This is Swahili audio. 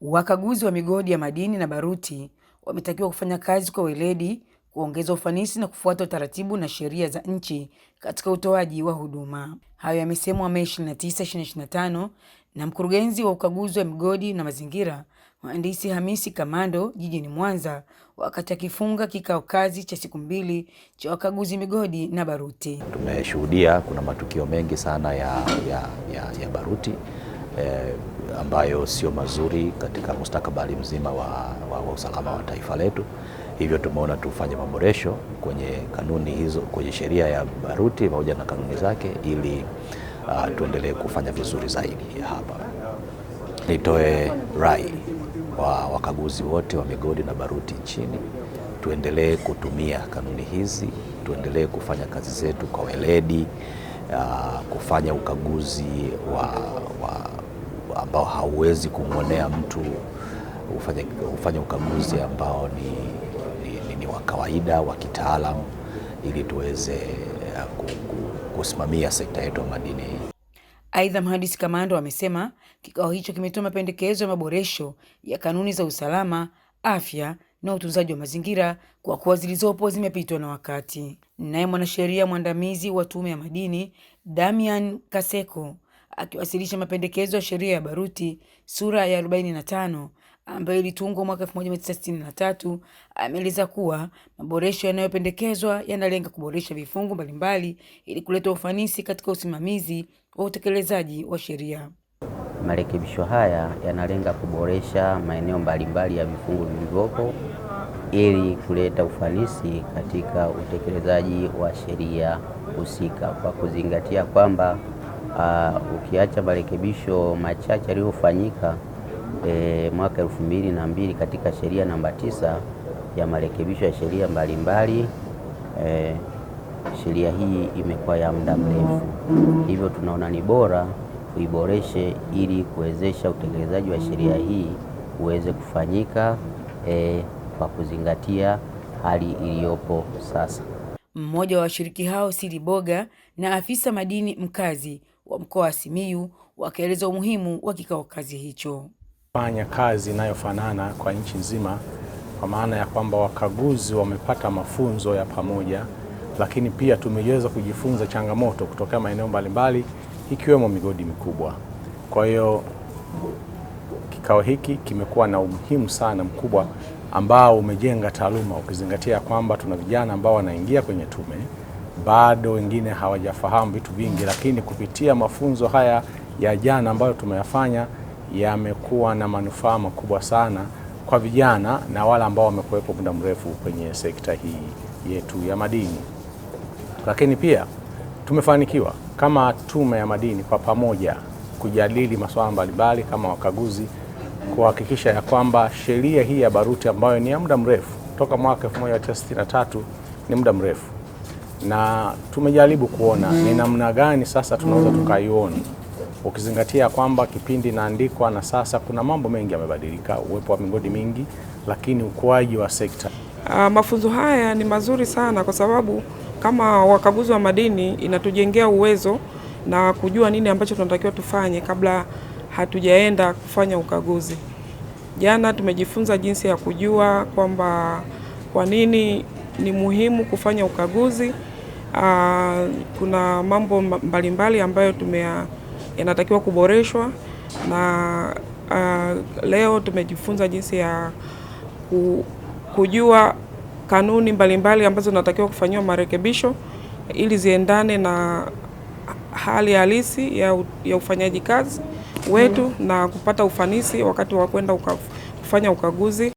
Wakaguzi wa migodi ya madini na baruti wametakiwa kufanya kazi kwa weledi, kuongeza ufanisi na kufuata utaratibu na sheria za nchi katika utoaji wa huduma. Hayo yamesemwa Mei 29, 2025 na mkurugenzi wa ukaguzi wa migodi na mazingira, Mhandisi Hamisi Kamando jijini Mwanza wakati akifunga kikao kazi cha siku mbili cha wakaguzi migodi na baruti. Tumeshuhudia kuna matukio mengi sana ya, ya, ya, ya baruti eh, ambayo sio mazuri katika mustakabali mzima wa, wa, wa usalama wa taifa letu. Hivyo tumeona tufanye maboresho kwenye kanuni hizo, kwenye sheria ya baruti pamoja na kanuni zake ili uh, tuendelee kufanya vizuri zaidi hapa. Nitoe rai wa wakaguzi wote wa migodi na baruti nchini, tuendelee kutumia kanuni hizi, tuendelee kufanya kazi zetu kwa weledi, uh, kufanya ukaguzi wa ambao hauwezi kumwonea mtu ufanye, ufanye ukaguzi ambao ni, ni, ni, ni wa kawaida wa kitaalamu ili tuweze eh, kusimamia sekta yetu ya madini. Aidha, mhandisi Kamando amesema kikao hicho kimetoa mapendekezo ya maboresho ya kanuni za usalama, afya na utunzaji wa mazingira kwa kuwa zilizopo zimepitwa na wakati. Naye mwanasheria mwandamizi wa Tume ya Madini Damian Kaseko akiwasilisha mapendekezo ya sheria ya baruti sura ya 45 ambayo ilitungwa mwaka 1963 ameeleza kuwa maboresho yanayopendekezwa yanalenga kuboresha vifungu mbalimbali ili kuleta ufanisi katika usimamizi wa utekelezaji wa sheria. Marekebisho haya yanalenga kuboresha maeneo mbalimbali ya vifungu vilivyopo ili kuleta ufanisi katika utekelezaji wa sheria husika kwa kuzingatia kwamba Uh, ukiacha marekebisho machache yaliyofanyika e, mwaka elfu mbili na mbili katika sheria namba tisa ya marekebisho ya sheria mbalimbali e, sheria hii imekuwa ya muda mrefu, hivyo tunaona ni bora tuiboreshe ili kuwezesha utekelezaji wa sheria hii uweze kufanyika e, kwa kuzingatia hali iliyopo sasa. Mmoja wa washiriki hao Siliboga na afisa madini mkazi wa mkoa wa Simiyu wakaeleza umuhimu wa kikao kazi hicho. Fanya kazi inayofanana kwa nchi nzima, kwa maana ya kwamba wakaguzi wamepata mafunzo ya pamoja, lakini pia tumeweza kujifunza changamoto kutoka maeneo mbalimbali ikiwemo migodi mikubwa. Kwa hiyo kikao hiki kimekuwa na umuhimu sana mkubwa ambao umejenga taaluma, ukizingatia kwamba tuna vijana ambao wanaingia kwenye tume bado wengine hawajafahamu vitu vingi, lakini kupitia mafunzo haya ya jana ambayo tumeyafanya yamekuwa na manufaa makubwa sana kwa vijana na wale ambao wamekuwepo muda mrefu kwenye sekta hii yetu ya madini. Lakini pia tumefanikiwa kama Tume ya Madini kwa pamoja kujadili masuala mbalimbali kama wakaguzi, kuhakikisha ya kwamba sheria hii ya baruti ambayo ni ya muda mrefu toka mwaka 1963 ni muda mrefu na tumejaribu kuona ni mm-hmm. namna gani sasa tunaweza mm-hmm. tukaiona, ukizingatia kwamba kipindi naandikwa na sasa kuna mambo mengi yamebadilika, uwepo wa migodi mingi, lakini ukuaji wa sekta. Uh, mafunzo haya ni mazuri sana kwa sababu kama wakaguzi wa madini inatujengea uwezo na kujua nini ambacho tunatakiwa tufanye kabla hatujaenda kufanya ukaguzi. Jana tumejifunza jinsi ya kujua kwamba kwa nini ni muhimu kufanya ukaguzi. Uh, kuna mambo mbalimbali mbali ambayo tumea yanatakiwa kuboreshwa na uh, leo tumejifunza jinsi ya ku, kujua kanuni mbalimbali mbali ambazo zinatakiwa kufanyiwa marekebisho ili ziendane na hali halisi ya, ya ufanyaji kazi wetu mm. na kupata ufanisi wakati wa kwenda kufanya ukaguzi.